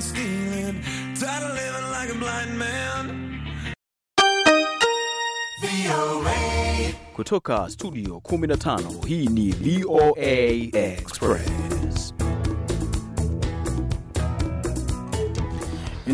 and stealing. Tired of living like a blind man. Kutoka studio 15 hii ni VOA Express.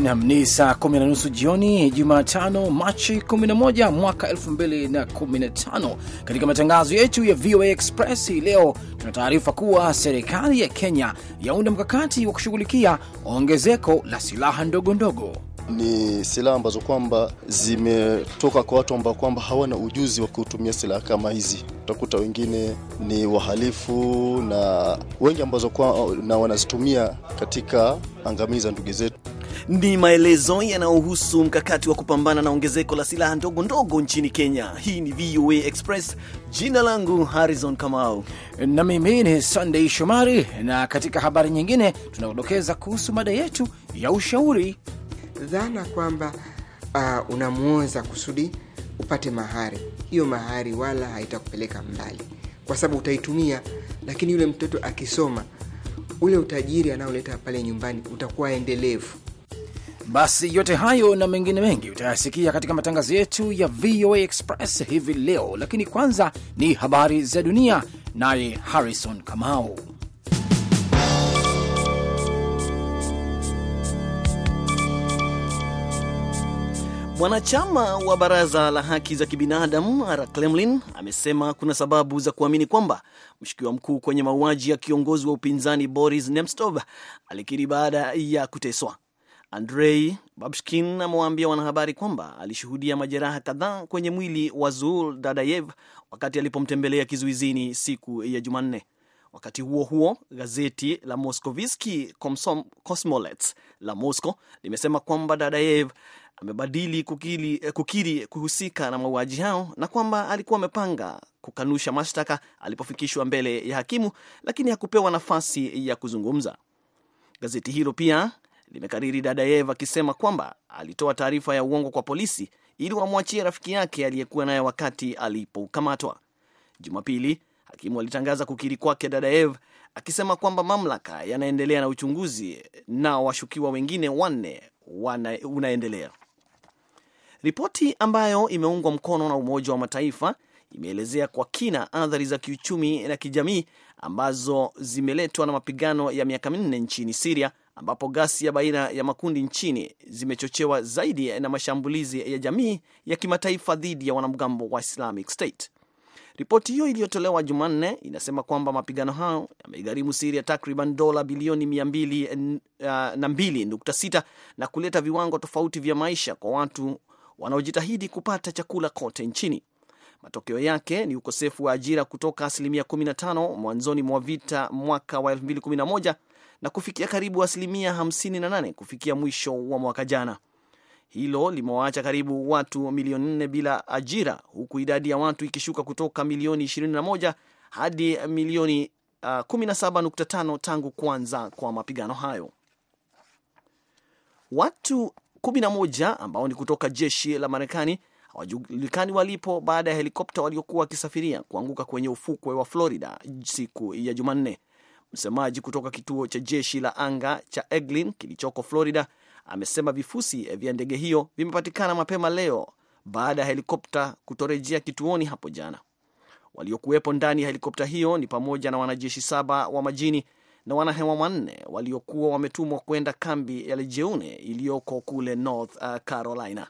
Nam, ni saa kumi na nusu jioni Jumatano, Machi 11 mwaka 2015. Katika matangazo yetu ya VOA Express hii leo tuna taarifa kuwa serikali ya Kenya yaunda mkakati wa kushughulikia ongezeko la silaha ndogo ndogo ni silaha ambazo kwamba zimetoka kwa watu ambao kwamba hawana ujuzi wa kutumia silaha kama hizi. Utakuta wengine ni wahalifu na wengi ambazo kwa, na wanazitumia katika angamiza ndugu zetu. Ni maelezo yanayohusu mkakati wa kupambana na ongezeko la silaha ndogo ndogo nchini Kenya. Hii ni VOA Express. Jina langu Harrison Kamau, na mimi ni Sunday Shomari. Na katika habari nyingine, tunaodokeza kuhusu mada yetu ya ushauri, dhana kwamba uh, unamwonza kusudi upate mahari. Hiyo mahari wala haitakupeleka mbali, kwa sababu utaitumia, lakini yule mtoto akisoma ule utajiri anaoleta pale nyumbani utakuwa endelevu. Basi yote hayo na mengine mengi utayasikia katika matangazo yetu ya VOA Express hivi leo, lakini kwanza ni habari za dunia, naye Harrison Kamau. Mwanachama wa baraza la haki za kibinadamu Ara Kremlin amesema kuna sababu za kuamini kwamba mshukiwa mkuu kwenye mauaji ya kiongozi wa upinzani Boris Nemtsov alikiri baada ya kuteswa. Andrei Babshkin amewaambia wanahabari kwamba alishuhudia majeraha kadhaa kwenye mwili wa Zul Dadayev wakati alipomtembelea kizuizini siku ya Jumanne. Wakati huo huo, gazeti la Moskoviski Kosmolets la Moscow limesema kwamba Dadayev amebadili kukiri, eh, kukiri kuhusika na mauaji hao na kwamba alikuwa amepanga kukanusha mashtaka alipofikishwa mbele ya hakimu, lakini hakupewa nafasi ya kuzungumza. Gazeti hilo pia limekariri Dadayev akisema kwamba alitoa taarifa ya uongo kwa polisi ili wamwachie rafiki yake aliyekuwa naye wakati alipokamatwa. Jumapili hakimu alitangaza kukiri kwake Dadayev akisema kwamba mamlaka yanaendelea na uchunguzi na washukiwa wengine wanne wana, unaendelea. Ripoti ambayo imeungwa mkono na Umoja wa Mataifa imeelezea kwa kina athari za kiuchumi na kijamii ambazo zimeletwa na mapigano ya miaka minne nchini Siria ambapo ghasia baina ya makundi nchini zimechochewa zaidi na mashambulizi ya jamii ya kimataifa dhidi ya wanamgambo wa Islamic State. Ripoti hiyo iliyotolewa Jumanne inasema kwamba mapigano hayo yamegharimu Siria takriban dola bilioni 2.6 eh, na kuleta viwango tofauti vya maisha kwa watu wanaojitahidi kupata chakula kote nchini. Matokeo yake ni ukosefu wa ajira kutoka asilimia 15 mwanzoni mwa vita mwaka wa 2011 na kufikia karibu asilimia 58 kufikia mwisho wa mwaka jana. Hilo limewaacha karibu watu milioni 4 bila ajira, huku idadi ya watu ikishuka kutoka milioni 21 hadi milioni 17.5 uh, tangu kuanza kwa mapigano hayo. Watu 11 ambao ni kutoka jeshi la Marekani hawajulikani walipo baada ya helikopta waliokuwa wakisafiria kuanguka kwenye ufukwe wa Florida siku ya Jumanne. Msemaji kutoka kituo cha jeshi la anga cha Eglin kilichoko Florida amesema vifusi vya ndege hiyo vimepatikana mapema leo baada ya helikopta kutorejea kituoni hapo jana. Waliokuwepo ndani ya helikopta hiyo ni pamoja na wanajeshi saba wa majini na wanahewa wanne waliokuwa wametumwa kwenda kambi ya Lejeune iliyoko kule North uh, Carolina.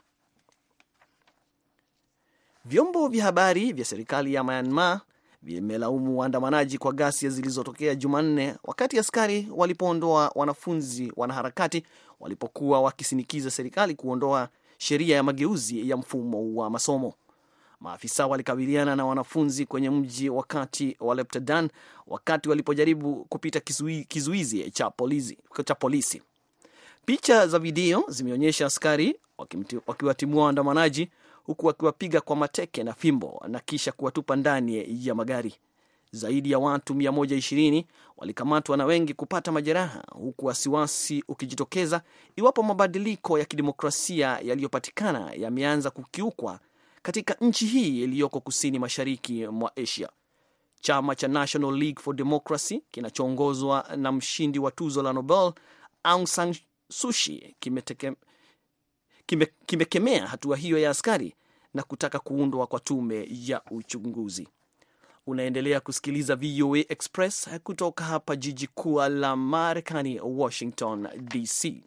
Vyombo vya habari vya serikali ya Myanmar vimelaumu waandamanaji kwa ghasia zilizotokea Jumanne wakati askari walipoondoa wanafunzi wanaharakati walipokuwa wakisinikiza serikali kuondoa sheria ya mageuzi ya mfumo wa masomo. Maafisa walikabiliana na wanafunzi kwenye mji wakati wa Leptadan wakati walipojaribu kupita kizui, kizuizi cha polisi, cha polisi. Picha za video zimeonyesha askari wakiwatimua waandamanaji huku wakiwapiga kwa mateke na fimbo na kisha kuwatupa ndani ya magari. Zaidi ya watu 120 walikamatwa na wengi kupata majeraha, huku wasiwasi ukijitokeza iwapo mabadiliko ya kidemokrasia yaliyopatikana yameanza kukiukwa katika nchi hii iliyoko kusini mashariki mwa Asia. Chama cha National League for Democracy kinachoongozwa na mshindi wa tuzo la Nobel Aung San Suu Kyi kimekemea kime hatua hiyo ya askari na kutaka kuundwa kwa tume ya uchunguzi. Unaendelea kusikiliza VOA Express kutoka hapa jiji kuu la Marekani, Washington DC.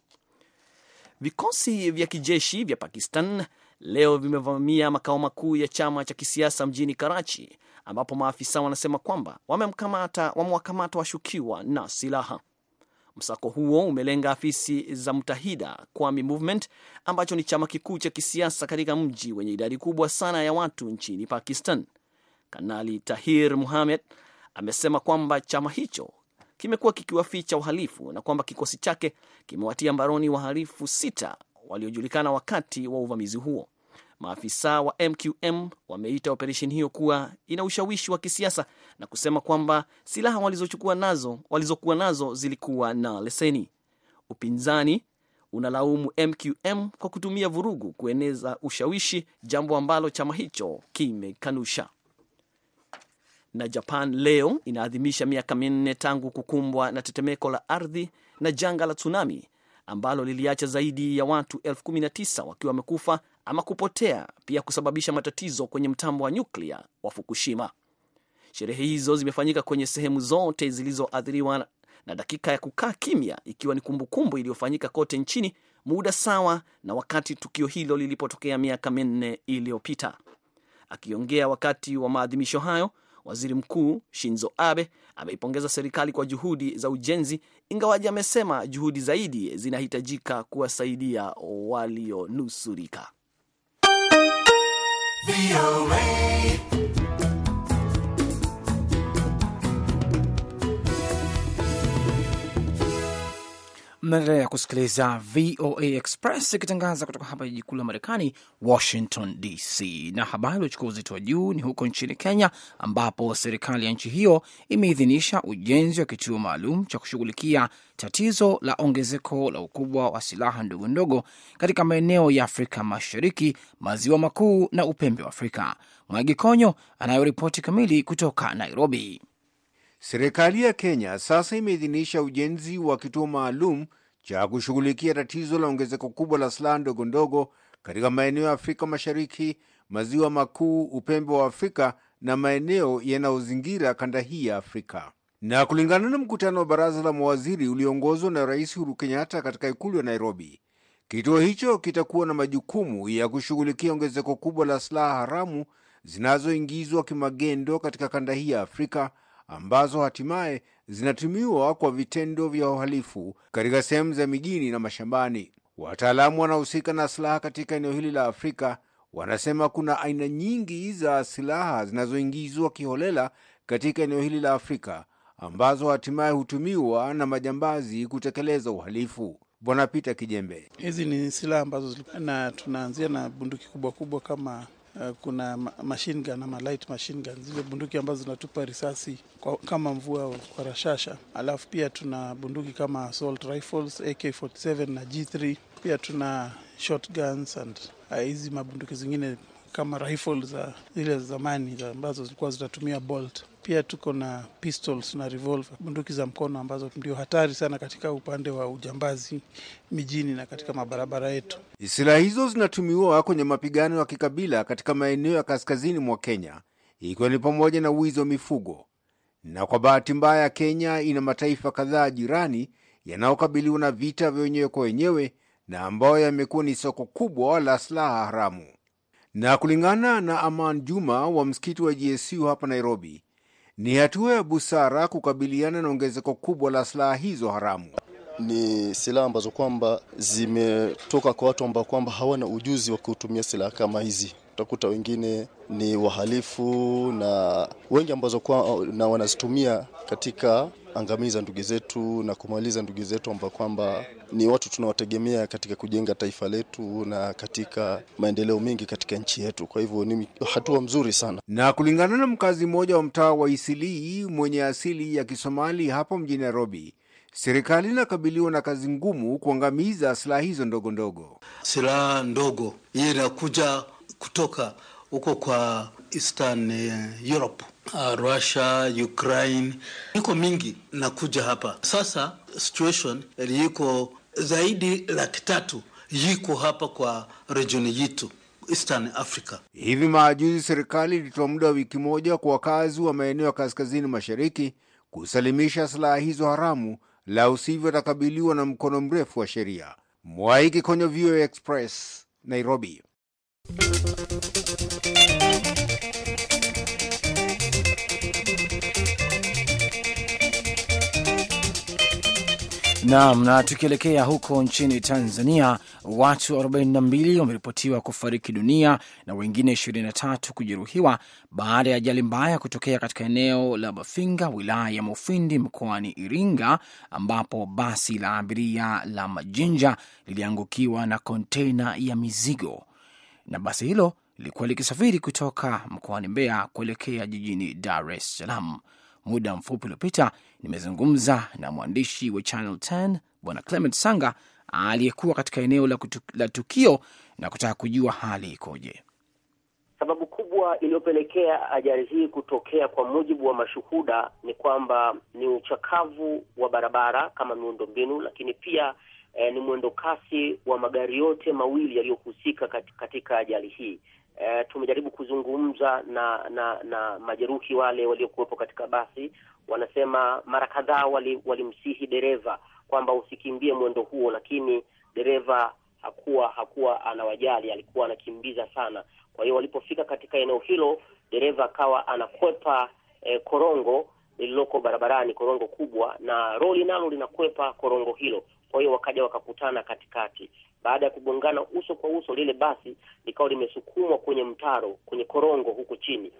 Vikosi vya kijeshi vya Pakistan leo vimevamia makao makuu ya chama cha kisiasa mjini Karachi, ambapo maafisa wanasema kwamba wamewakamata washukiwa na silaha. Msako huo umelenga afisi za Mtahida Kwami Movement ambacho ni chama kikuu cha kisiasa katika mji wenye idadi kubwa sana ya watu nchini Pakistan. Kanali Tahir Muhamed amesema kwamba chama hicho kimekuwa kikiwaficha uhalifu na kwamba kikosi chake kimewatia mbaroni wahalifu sita waliojulikana wakati wa uvamizi huo. Maafisa wa MQM wameita operesheni hiyo kuwa ina ushawishi wa kisiasa na kusema kwamba silaha walizochukua nazo walizokuwa nazo zilikuwa na leseni. Upinzani unalaumu MQM kwa kutumia vurugu kueneza ushawishi, jambo ambalo chama hicho kimekanusha. Na Japan leo inaadhimisha miaka minne tangu kukumbwa na tetemeko la ardhi na janga la tsunami ambalo liliacha zaidi ya watu elfu kumi na tisa wakiwa wamekufa ama kupotea, pia kusababisha matatizo kwenye mtambo wa nyuklia wa Fukushima. Sherehe hizo zimefanyika kwenye sehemu zote zilizoathiriwa na dakika ya kukaa kimya, ikiwa ni kumbukumbu iliyofanyika kote nchini muda sawa na wakati tukio hilo lilipotokea miaka minne iliyopita. Akiongea wakati wa maadhimisho hayo, waziri mkuu Shinzo Abe ameipongeza serikali kwa juhudi za ujenzi, ingawaji amesema juhudi zaidi zinahitajika kuwasaidia walionusurika. VOA. Mnaendelea kusikiliza VOA Express ikitangaza kutoka hapa jiji kuu la Marekani, Washington DC. Na habari iliochukua uzito wa juu ni huko nchini Kenya, ambapo serikali ya nchi hiyo imeidhinisha ujenzi wa kituo maalum cha kushughulikia tatizo la ongezeko la ukubwa wa silaha ndogo ndogo katika maeneo ya Afrika Mashariki, Maziwa Makuu na upembe wa Afrika. Mwagi Konyo anayoripoti kamili kutoka Nairobi. Serikali ya Kenya sasa imeidhinisha ujenzi wa kituo maalum cha kushughulikia tatizo la ongezeko kubwa la silaha ndogo ndogo katika maeneo ya Afrika Mashariki, maziwa makuu, upembe wa Afrika na maeneo yanayozingira kanda hii ya Afrika. Na kulingana na mkutano wa baraza la mawaziri ulioongozwa na Rais Uhuru Kenyatta katika ikulu ya Nairobi, kituo hicho kitakuwa na majukumu ya kushughulikia ongezeko kubwa la silaha haramu zinazoingizwa kimagendo katika kanda hii ya Afrika ambazo hatimaye zinatumiwa kwa vitendo vya uhalifu katika sehemu za mijini na mashambani. Wataalamu wanaohusika na silaha katika eneo hili la Afrika wanasema kuna aina nyingi za silaha zinazoingizwa kiholela katika eneo hili la Afrika ambazo hatimaye hutumiwa na majambazi kutekeleza uhalifu. Bwana Pita Kijembe, hizi ni silaha ambazo na tunaanzia na bunduki kubwa kubwa kama Eh, kuna machine gun ama light machine gun, zile bunduki ambazo zinatupa risasi kwa, kama mvua kwa rashasha. Alafu pia tuna bunduki kama assault rifles AK47 na G3. Pia tuna shotguns and eh, hizi mabunduki zingine kama rifle za zile zamani ambazo zilikuwa zinatumia bolt. Pia tuko na pistols na revolver, bunduki za mkono ambazo ndio hatari sana katika upande wa ujambazi mijini na katika mabarabara yetu. Silaha hizo zinatumiwa kwenye mapigano ya kikabila katika maeneo ya kaskazini mwa Kenya, ikiwa ni pamoja na wizi wa mifugo. Na kwa bahati mbaya, Kenya ina mataifa kadhaa jirani yanayokabiliwa na vita vya wenyewe kwa wenyewe na ambayo yamekuwa ni soko kubwa la silaha haramu. Na kulingana na Aman Juma wa msikiti wa GSU hapa Nairobi, ni hatua ya busara kukabiliana na ongezeko kubwa la silaha hizo haramu. Ni silaha ambazo kwamba zimetoka kwa watu ambao kwamba hawana ujuzi wa kutumia silaha kama hizi. Utakuta wengine ni wahalifu na wengi ambazo kwa, na wanazitumia katika angamiza ndugu zetu na kumaliza ndugu zetu ambao kwamba ni watu tunawategemea katika kujenga taifa letu na katika maendeleo mengi katika nchi yetu. Kwa hivyo ni hatua mzuri sana. Na kulingana na mkazi mmoja wa mtaa wa Isilii mwenye asili ya Kisomali hapo mjini Nairobi, serikali inakabiliwa na kazi ngumu kuangamiza silaha hizo ndogo ndogo. Silaha ndogo hiyo inakuja kutoka huko kwa Eastern eh, Europe, ah, Russia, Ukraine, iko mingi nakuja hapa sasa. Situation liko eh, zaidi laki tatu yiko hapa kwa rejioni yetu Eastern Africa. Hivi majuzi serikali ilitoa muda wa wiki moja kwa wakazi wa maeneo ya kaskazini mashariki kusalimisha silaha hizo haramu, la usivyo takabiliwa na mkono mrefu wa sheria. Mwaiki kwenye VOA Express, Nairobi. Naam, na tukielekea huko nchini Tanzania, watu 42 wameripotiwa kufariki dunia na wengine 23 kujeruhiwa baada ya ajali mbaya kutokea katika eneo la Mafinga, wilaya ya Mufindi, mkoani Iringa, ambapo basi la abiria la Majinja liliangukiwa na konteina ya mizigo, na basi hilo lilikuwa likisafiri kutoka mkoani Mbeya kuelekea jijini Dar es Salaam. Muda mfupi uliopita nimezungumza na mwandishi wa Channel 10 Bwana Clement Sanga aliyekuwa katika eneo la, kutu, la tukio na kutaka kujua hali ikoje. Sababu kubwa iliyopelekea ajali hii kutokea kwa mujibu wa mashuhuda ni kwamba ni uchakavu wa barabara kama miundombinu, lakini pia eh, ni mwendo kasi wa magari yote mawili yaliyohusika katika ajali hii. Eh, tumejaribu kuzungumza na na na majeruhi wale waliokuwepo katika basi wanasema mara kadhaa walimsihi wali dereva kwamba usikimbie mwendo huo, lakini dereva hakuwa hakuwa anawajali, alikuwa anakimbiza sana. Kwa hiyo walipofika katika eneo hilo, dereva akawa anakwepa eh, korongo lililoko barabarani, korongo kubwa, na roli nalo linakwepa korongo hilo. Kwa hiyo wakaja wakakutana katikati. Baada ya kugongana uso kwa uso, lile basi likawa limesukumwa kwenye mtaro, kwenye korongo huko chini,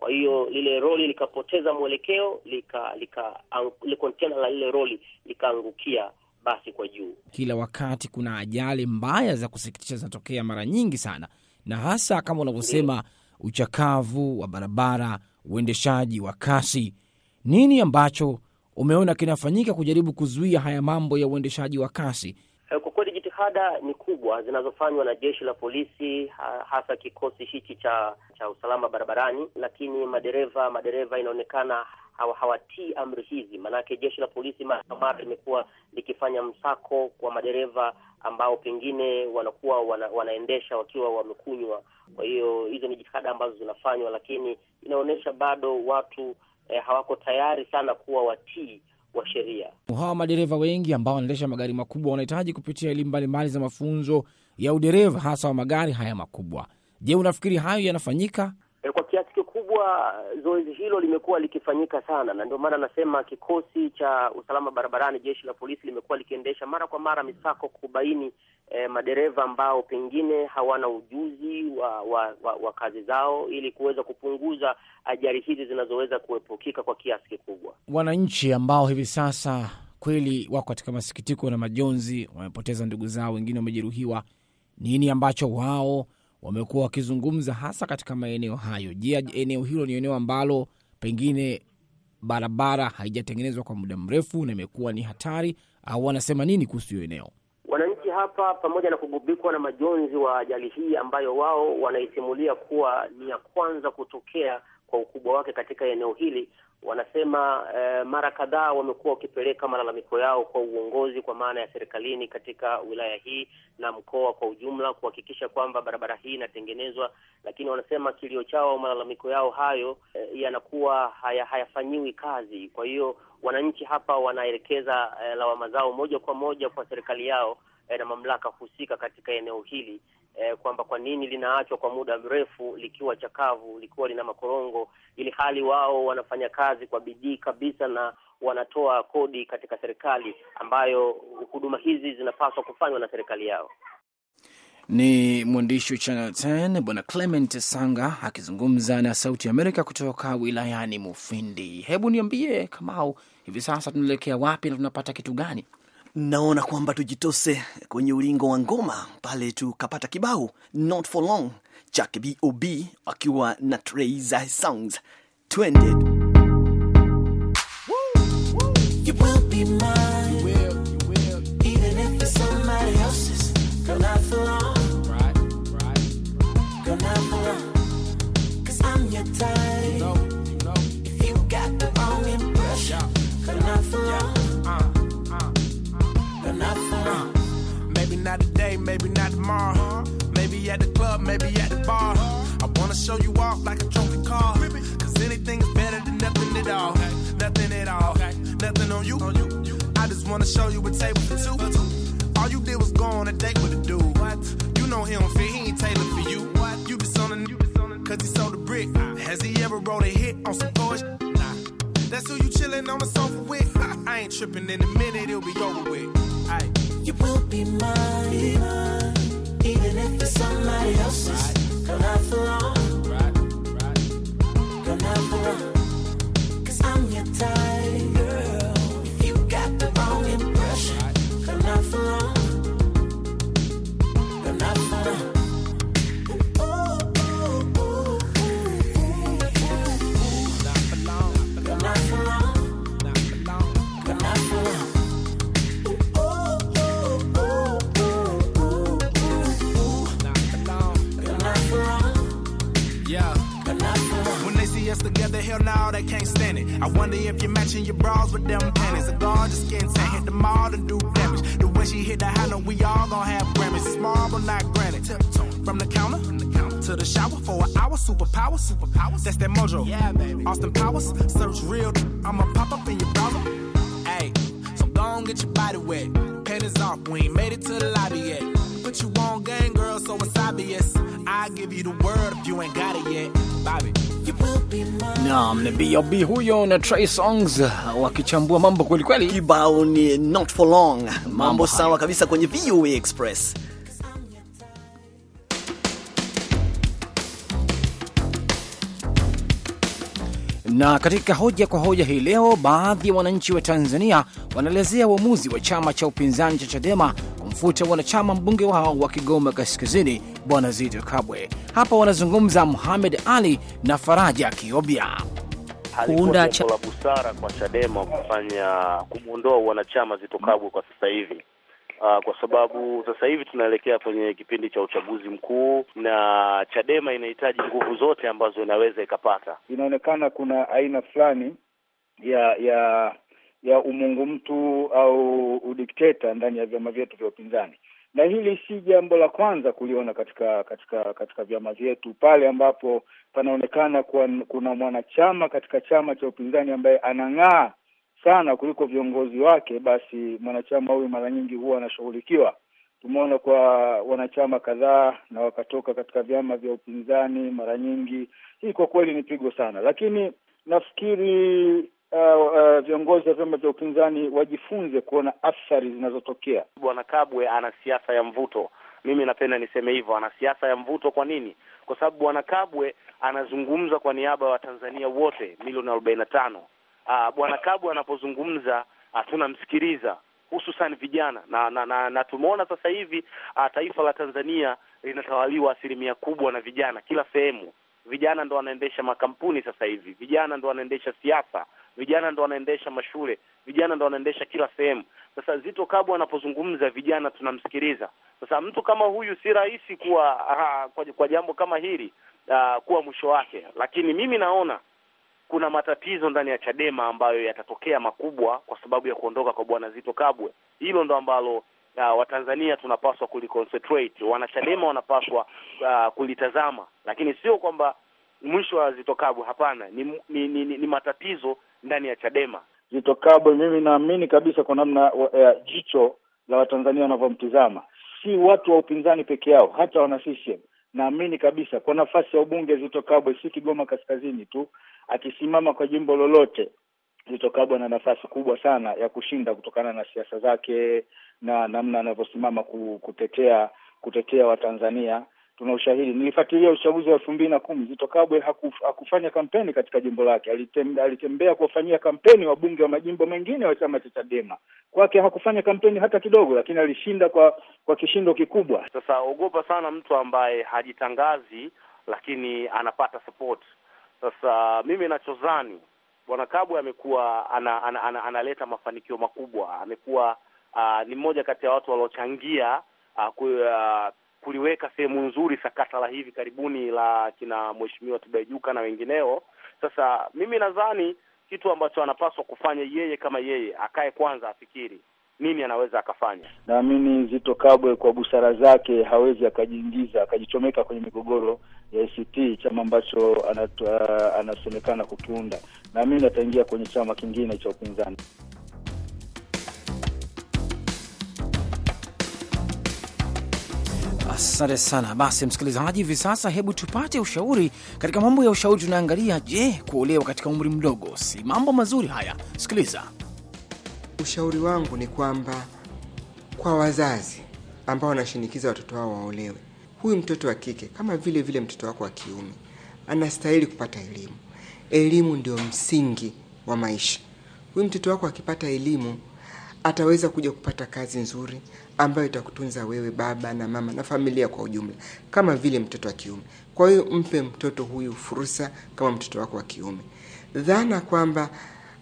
kwa hiyo lile roli likapoteza mwelekeo lika, lika, likontena la lile roli likaangukia basi kwa juu. Kila wakati kuna ajali mbaya za kusikitisha zinatokea mara nyingi sana, na hasa kama unavyosema uchakavu wa barabara, uendeshaji wa kasi. Nini ambacho umeona kinafanyika kujaribu kuzuia haya mambo ya uendeshaji wa kasi jitihada ni kubwa zinazofanywa na jeshi la polisi, hasa kikosi hichi cha cha usalama barabarani, lakini madereva madereva inaonekana hawatii amri hizi. Maanake jeshi la polisi mara kwa mara limekuwa likifanya msako kwa madereva ambao pengine wanakuwa wana, wanaendesha wakiwa wamekunywa. Kwa hiyo hizo ni jitihada ambazo zinafanywa, lakini inaonyesha bado watu eh, hawako tayari sana kuwa watii wa sheria. Hawa madereva wengi ambao wanaendesha magari makubwa wanahitaji kupitia elimu mbalimbali za mafunzo ya udereva, hasa wa magari haya makubwa. Je, unafikiri hayo yanafanyika? kuwa zoezi hilo limekuwa likifanyika sana, na ndio maana nasema kikosi cha usalama barabarani, jeshi la polisi, limekuwa likiendesha mara kwa mara misako kubaini eh, madereva ambao pengine hawana ujuzi wa, wa, wa, wa kazi zao ili kuweza kupunguza ajali hizi zinazoweza kuepukika kwa kiasi kikubwa. Wananchi ambao hivi sasa kweli wako katika masikitiko na majonzi, wamepoteza ndugu zao, wengine wamejeruhiwa, nini ambacho wao wamekuwa wakizungumza hasa katika maeneo hayo. Je, eneo hilo ni eneo ambalo pengine barabara haijatengenezwa kwa muda mrefu na imekuwa ni hatari, au wanasema nini kuhusu hiyo eneo? Wananchi hapa, pamoja na kugubikwa na majonzi wa ajali hii ambayo wao wanaisimulia kuwa ni ya kwanza kutokea kwa ukubwa wake katika eneo hili, wanasema eh, mara kadhaa wamekuwa wakipeleka malalamiko yao kwa uongozi kwa maana ya serikalini katika wilaya hii na mkoa kwa ujumla kuhakikisha kwamba barabara hii inatengenezwa, lakini wanasema kilio chao, malalamiko yao hayo eh, yanakuwa haya, hayafanyiwi kazi. Kwa hiyo wananchi hapa wanaelekeza eh, lawama zao moja kwa moja kwa serikali yao eh, na mamlaka husika katika eneo hili eh, kwamba kwa nini linaachwa kwa muda mrefu likiwa chakavu, likiwa lina makorongo, ili hali wao wanafanya kazi kwa bidii kabisa na wanatoa kodi katika serikali ambayo huduma hizi zinapaswa kufanywa na serikali yao. Ni mwandishi wa Channel 10 Bwana Clement Sanga akizungumza na Sauti ya Amerika kutoka wilayani Mufindi. Hebu niambie Kamau, hivi sasa tunaelekea wapi na tunapata kitu gani? Naona kwamba tujitose kwenye ulingo wa ngoma pale tukapata kibao not for long chake Bob akiwa na Trey songs Twende. not today, maybe not tomorrow. huh? Maybe at the club, maybe at the bar. I wanna show you off like a trophy car. Cause anything's better than nothing at all. Nothing at all. Nothing on you. I just wanna show you a table for two. All you did was go on a date with a dude. What? You know he don't fit, he ain't tailored for you. What? You just on cause he sold a brick. Has he ever wrote a hit on some bullshit? Nah. That's who you chillin' on the sofa with. I ain't trippin' in a minute, it'll be over with. Aye you will be mine. Be mine. Even if it's somebody else's, right. girl, not for long. Girl, not for long. i I'm your If you got the wrong impression, girl, not for long. Girl, not for long. hell no, they can't stand it. I wonder if you're matching your bras with them panties. A gorgeous skin tan hit the mall to do damage. The way she hit the high note, we all gon' have Grammys. It's marble like granite. From the counter, from the counter to the shower for an hour. Superpower, superpowers. That's that mojo. Yeah, baby. Austin Powers, search real. I'ma pop up in your browser. Hey, so go on, get your body wet. Panties off, we ain't made it to the lobby yet. Put you on game, girl, so it's obvious. I give you the word if you ain't got it yet, Bobby. Naam, ni B.O.B huyo na Trey Songz wakichambua mambo kweli kweli. Kibao ni not for long. Mambo, mambo sawa kabisa kwenye VOA Express. Na katika hoja kwa hoja hii leo, baadhi ya wananchi wa Tanzania wanaelezea uamuzi wa chama cha upinzani cha Chadema kumfuta wanachama mbunge wao wa Kigoma Kaskazini, Bwana Zito Kabwe. Hapa wanazungumza Muhamed Ali na Faraja Kiobia. la busara kwa Chadema kufanya kumwondoa wanachama Zito Kabwe kwa sasa hivi. Uh, kwa sababu sasa hivi tunaelekea kwenye kipindi cha uchaguzi mkuu na Chadema inahitaji nguvu zote ambazo inaweza ikapata. Inaonekana kuna aina fulani ya ya ya umungu mtu au udikteta ndani ya vyama vyetu vya upinzani, na hili si jambo la kwanza kuliona katika katika katika vyama vyetu, pale ambapo panaonekana kuna mwanachama katika chama cha upinzani ambaye anang'aa sana kuliko viongozi wake, basi mwanachama huyu mara nyingi huwa anashughulikiwa. Tumeona kwa wanachama kadhaa na wakatoka katika vyama vya upinzani mara nyingi. Hii kwa kweli ni pigo sana, lakini nafikiri uh, uh, viongozi wa vyama vya upinzani wajifunze kuona athari zinazotokea. Bwana Kabwe ana siasa ya mvuto. Mimi napenda niseme hivyo, ana siasa ya mvuto. Kwa nini? Kwa sababu Bwana Kabwe anazungumza kwa niaba ya Watanzania wote milioni arobaini na tano. Ah, Bwana Kabwe anapozungumza tunamsikiliza hususan vijana na na, na, na tumeona sasa hivi ah, taifa la Tanzania linatawaliwa asilimia kubwa na vijana kila sehemu. Vijana ndo wanaendesha makampuni sasa hivi, vijana ndo wanaendesha siasa vijana ndo wanaendesha mashule, vijana ndo wanaendesha kila sehemu. Sasa Zito Kabwe anapozungumza vijana tunamsikiliza. Sasa mtu kama huyu si rahisi kuwa aha, kwa, kwa jambo kama hili uh, kuwa mwisho wake, lakini mimi naona kuna matatizo ndani ya Chadema ambayo yatatokea makubwa kwa sababu ya kuondoka kwa bwana Zito Kabwe. Hilo ndo ambalo uh, Watanzania tunapaswa kuliconcentrate, wanachadema wanapaswa uh, kulitazama, lakini sio kwamba mwisho wa Zito Kabwe. Hapana, ni, ni, ni, ni matatizo ndani ya Chadema. Zitto Kabwe, mimi naamini kabisa kwa namna uh, jicho la Watanzania wanavyomtizama, si watu wa upinzani peke yao, hata wana CCM. Naamini kabisa kwa nafasi ya ubunge Zitto Kabwe si Kigoma Kaskazini tu, akisimama kwa jimbo lolote Zitto Kabwe na nafasi kubwa sana ya kushinda kutokana na siasa zake na namna anavyosimama kutetea kutetea Watanzania tuna ushahidi. Nilifuatilia uchaguzi wa elfu mbili na kumi, Zito Kabwe hakuf, hakufanya kampeni katika jimbo lake. Alitembea, alitembea kuwafanyia kampeni wabunge wa majimbo mengine wa chama cha Chadema. Kwake hakufanya kampeni hata kidogo, lakini alishinda kwa kwa kishindo kikubwa. Sasa ogopa sana mtu ambaye hajitangazi lakini anapata support. Sasa mimi nachozani Bwana Kabwe amekuwa analeta ana, ana, ana mafanikio makubwa. Amekuwa uh, ni mmoja kati ya watu waliochangia uh, kuliweka sehemu nzuri sakata la hivi karibuni la kina mheshimiwa Tibaijuka na wengineo. Sasa mimi nadhani kitu ambacho anapaswa kufanya yeye kama yeye, akae kwanza afikiri nini anaweza akafanya. Naamini Zito Kabwe kwa busara zake hawezi akajiingiza akajichomeka kwenye migogoro ya ACT, chama ambacho anasemekana kukiunda. Naamini ataingia kwenye chama kingine cha upinzani. Asante sana. Basi msikilizaji, hivi sasa hebu tupate ushauri. Katika mambo ya ushauri tunaangalia, je, kuolewa katika umri mdogo si mambo mazuri? Haya, sikiliza. Ushauri wangu ni kwamba kwa wazazi ambao wanashinikiza watoto wao waolewe, huyu mtoto wa kike kama vile vile mtoto wako wa kiume anastahili kupata elimu. Elimu ndio msingi wa maisha. Huyu mtoto wako akipata elimu ataweza kuja kupata kazi nzuri ambayo itakutunza wewe baba na mama na familia kwa ujumla, kama vile mtoto wa kiume. Kwa hiyo mpe mtoto huyu fursa kama mtoto wako wa kiume. Dhana kwamba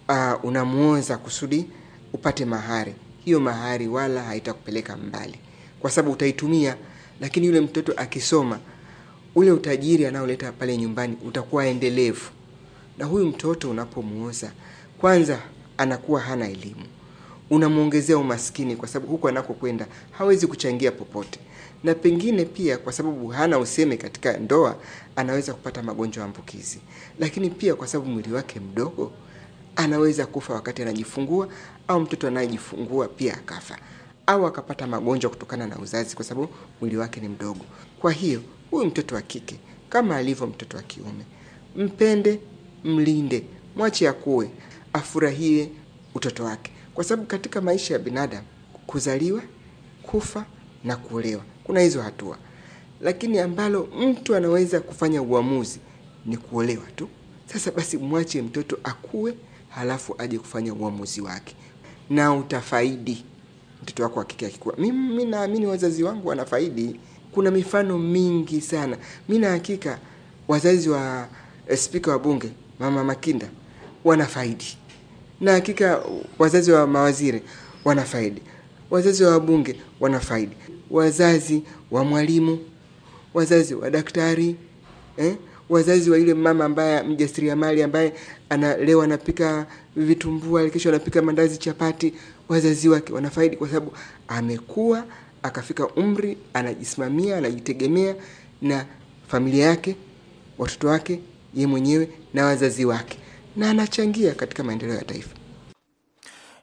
uh, unamuoza kusudi upate mahari, hiyo mahari wala haitakupeleka mbali, kwa sababu utaitumia, lakini yule mtoto akisoma, ule utajiri anaoleta pale nyumbani utakuwa endelevu. Na huyu mtoto unapomuoza, kwanza anakuwa hana elimu unamwongezea umaskini, kwa sababu huko anakokwenda hawezi kuchangia popote, na pengine pia kwa sababu hana useme katika ndoa, anaweza kupata magonjwa ambukizi, lakini pia kwa sababu mwili wake mdogo anaweza kufa wakati anajifungua, au mtoto anayejifungua pia akafa, au akapata magonjwa kutokana na uzazi, kwa sababu mwili wake ni mdogo. Kwa hiyo huyu mtoto wa kike kama alivyo mtoto wa kiume, mpende, mlinde, mwache akuwe afurahie utoto wake kwa sababu katika maisha ya binadamu kuzaliwa, kufa na kuolewa, kuna hizo hatua, lakini ambalo mtu anaweza kufanya uamuzi ni kuolewa tu. Sasa basi, mwache mtoto akue, halafu aje kufanya uamuzi wake, na utafaidi mtoto wako akike akikua. Mimi naamini wazazi wangu wanafaidi. Kuna mifano mingi sana, mi na hakika wazazi wa eh, spika wa bunge Mama Makinda wanafaidi na hakika wazazi wa mawaziri wanafaidi, wazazi wa wabunge wanafaidi, wazazi wa mwalimu, wazazi wa daktari eh? wazazi wa yule mama ambaye mjasiriamali ambaye ana leo anapika vitumbua, kesho anapika mandazi, chapati. Wazazi wake wanafaidi kwa sababu amekuwa akafika umri, anajisimamia, anajitegemea, na familia yake, watoto wake, ye mwenyewe na wazazi wake na anachangia katika maendeleo ya taifa.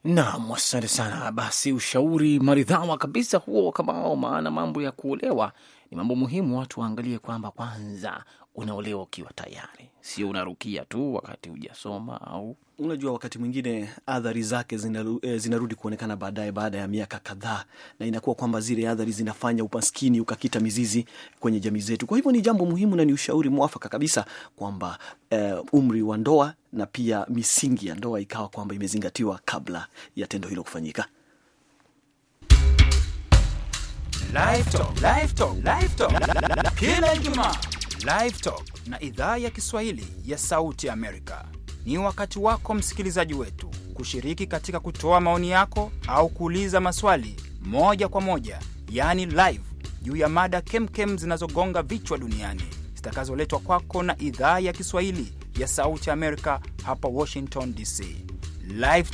Naam, asante sana. Basi ushauri maridhawa kabisa huo Kamao, maana mambo ya kuolewa ni mambo muhimu. Watu waangalie kwamba kwanza unaolewa ukiwa tayari, sio unarukia tu wakati hujasoma au unajua wakati mwingine athari zake eh, zinarudi kuonekana baadaye baada ya miaka kadhaa, na inakuwa kwamba zile athari zinafanya umaskini ukakita mizizi kwenye jamii zetu. Kwa hivyo ni jambo muhimu na ni ushauri mwafaka kabisa kwamba eh, umri wa ndoa na pia misingi ya ndoa ikawa kwamba imezingatiwa kabla ya tendo hilo kufanyika. Kila Ijumaa Live Talk na idhaa ya Kiswahili ya Sauti Amerika ni wakati wako msikilizaji wetu kushiriki katika kutoa maoni yako au kuuliza maswali moja kwa moja, yaani live, juu ya mada kemkem zinazogonga vichwa duniani zitakazoletwa kwako na idhaa ya Kiswahili ya Sauti Amerika hapa Washington DC. Live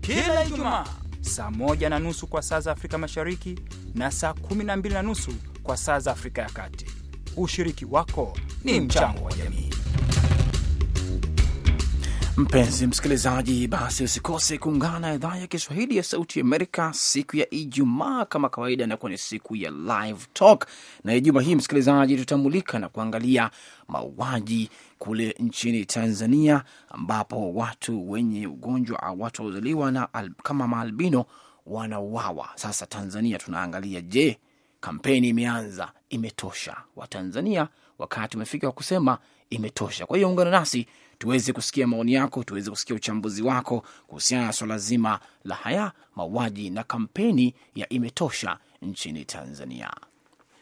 kila Ijumaa saa moja na nusu kwa saa za Afrika Mashariki na saa 12 na nusu kwa saa za Afrika ya Kati. Ushiriki wako ni mchango wa jamii. Mpenzi msikilizaji, basi usikose kuungana na idhaa ya Kiswahili ya Sauti Amerika siku ya Ijumaa kama kawaida, inakuwa ni siku ya Live Talk, na ijuma hii msikilizaji, tutamulika na kuangalia mauaji kule nchini Tanzania, ambapo watu wenye ugonjwa au watu waozaliwa na al, kama maalbino wanauawa. Sasa Tanzania tunaangalia, je, kampeni imeanza? Imetosha? Watanzania wakati umefika wa kusema imetosha. Kwa hiyo ungana nasi tuweze kusikia maoni yako, tuweze kusikia uchambuzi wako kuhusiana na swala zima la haya mauaji na kampeni ya Imetosha nchini Tanzania.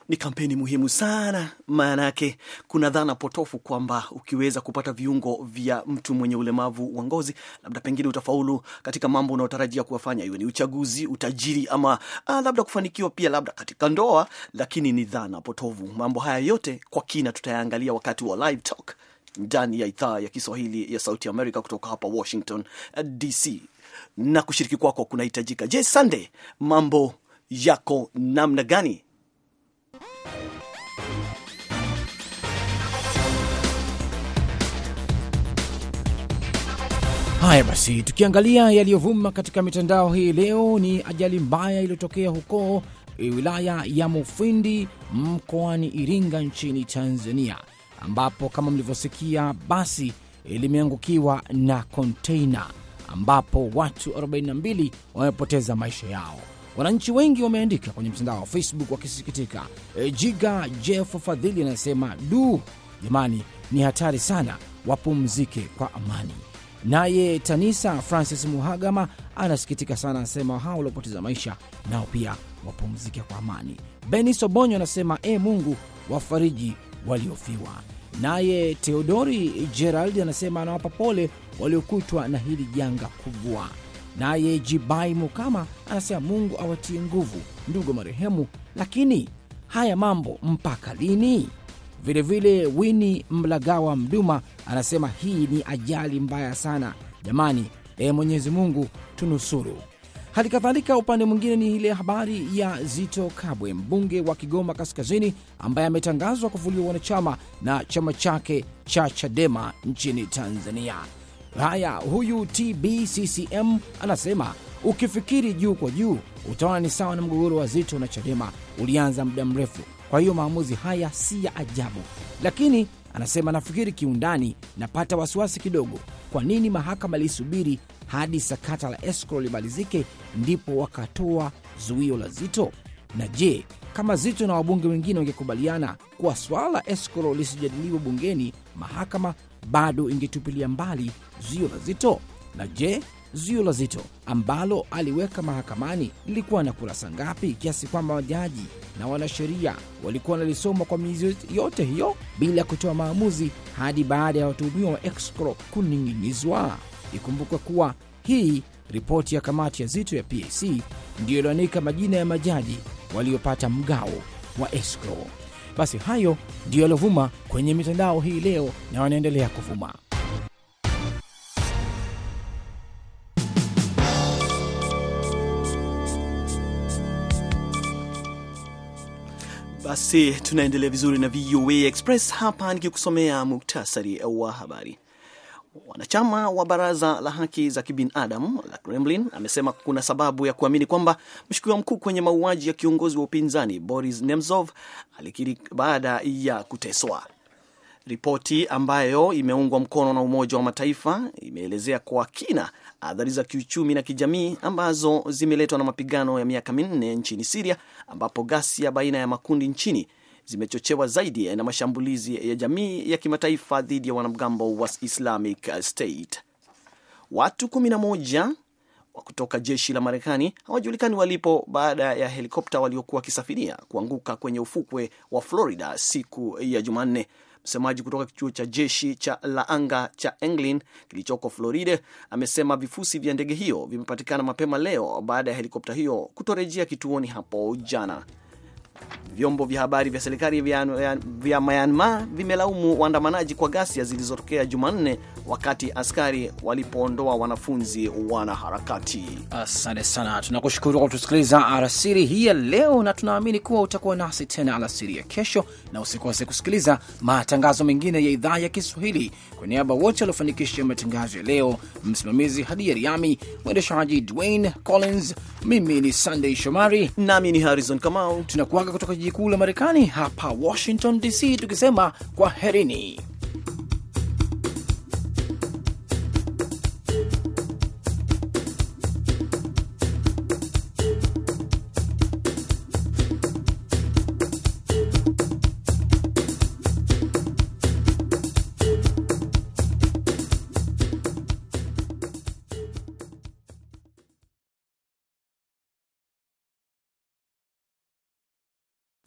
Ni kampeni muhimu sana, maana yake kuna dhana potofu kwamba ukiweza kupata viungo vya mtu mwenye ulemavu wa ngozi, labda pengine utafaulu katika mambo unaotarajia kuwafanya, iwe ni uchaguzi, utajiri ama a, ah, labda kufanikiwa pia labda katika ndoa, lakini ni dhana potovu. Mambo haya yote kwa kina tutayaangalia wakati wa live talk ndani ya idhaa ya Kiswahili ya Sauti Amerika kutoka hapa Washington eh, DC, na kushiriki kwako kunahitajika. Je, Sande, mambo yako namna gani? Haya basi, tukiangalia yaliyovuma katika mitandao hii leo, ni ajali mbaya iliyotokea huko eh, wilaya ya Mufindi mkoani Iringa nchini Tanzania ambapo kama mlivyosikia, basi limeangukiwa na konteina ambapo watu 42 wamepoteza maisha yao. Wananchi wengi wameandika kwenye mtandao wa Facebook wakisikitika. E, Jiga Jeff Fadhili anasema du, jamani, ni hatari sana, wapumzike kwa amani. Naye Tanisa Francis Muhagama anasikitika sana, anasema hao waliopoteza maisha nao pia wapumzike kwa amani. Benis Obonyo anasema e, Mungu wafariji waliofiwa. Naye Teodori Gerald anasema anawapa pole waliokutwa na hili janga kubwa. Naye Jibai Mukama anasema Mungu awatie nguvu ndugu marehemu, lakini haya mambo mpaka lini? Vilevile Wini Mlagawa Mduma anasema hii ni ajali mbaya sana jamani, e, Mwenyezi Mungu tunusuru. Hali kadhalika upande mwingine ni ile habari ya Zito Kabwe, mbunge wa Kigoma Kaskazini, ambaye ametangazwa kuvuliwa wanachama na chama chake cha Chadema nchini Tanzania. Haya, huyu TBCCM anasema ukifikiri juu kwa juu utaona ni sawa na mgogoro wa Zito na Chadema ulianza muda mrefu, kwa hiyo maamuzi haya si ya ajabu, lakini Anasema nafikiri kiundani, napata wasiwasi kidogo, kwa nini mahakama ilisubiri hadi sakata la escro limalizike ndipo wakatoa zuio la Zito? Na je, kama Zito na wabunge wengine wangekubaliana kuwa swala la escro lisijadiliwe bungeni, mahakama bado ingetupilia mbali zuio la Zito? Na je, Zuio la Zito ambalo aliweka mahakamani lilikuwa na kurasa ngapi kiasi kwamba wajaji na wanasheria walikuwa wanalisoma kwa miezi yote hiyo bila kutoa maamuzi hadi baada ya watuhumiwa wa escrow kuning'inizwa? Ikumbukwe kuwa hii ripoti ya kamati ya Zito ya PAC ndiyo ilioanika majina ya majaji waliopata mgao wa escrow. Basi hayo ndiyo yaliovuma kwenye mitandao hii leo na wanaendelea kuvuma. Basi tunaendelea vizuri na VOA Express hapa nikikusomea muktasari wa habari. Wanachama wa baraza la haki za kibinadamu la Kremlin amesema kuna sababu ya kuamini kwamba mshukiwa mkuu kwenye mauaji ya kiongozi wa upinzani Boris Nemtsov alikiri baada ya kuteswa. Ripoti ambayo imeungwa mkono na Umoja wa Mataifa imeelezea kwa kina athari za kiuchumi na kijamii ambazo zimeletwa na mapigano ya miaka minne nchini Siria, ambapo ghasia baina ya makundi nchini zimechochewa zaidi na mashambulizi ya jamii ya kimataifa dhidi ya wanamgambo wa Islamic State. Watu 11 wa kutoka jeshi la Marekani hawajulikani walipo baada ya helikopta waliokuwa wakisafiria kuanguka kwenye ufukwe wa Florida siku ya Jumanne, Msemaji kutoka kituo cha jeshi cha la anga cha Englin kilichoko Florida amesema vifusi vya ndege hiyo vimepatikana mapema leo baada ya helikopta hiyo kutorejea kituoni hapo jana. Vyombo vya habari vya serikali vya, vya, Myanmar vimelaumu waandamanaji kwa ghasia zilizotokea Jumanne wakati askari walipoondoa wanafunzi wanaharakati. Asante sana, tunakushukuru kwa kutusikiliza alasiri hii ya leo, na tunaamini kuwa utakuwa nasi tena alasiri ya kesho, na usikose kusikiliza matangazo mengine ya idhaa ya Kiswahili kwa niaba wote waliofanikisha matangazo ya leo, msimamizi Hadia Riami, mwendeshaji Dwayne Collins, mimi ni sandey Shomari nami ni Harrison Kamau, tunakuaga kutoka jiji kuu la Marekani hapa Washington DC, tukisema kwaherini.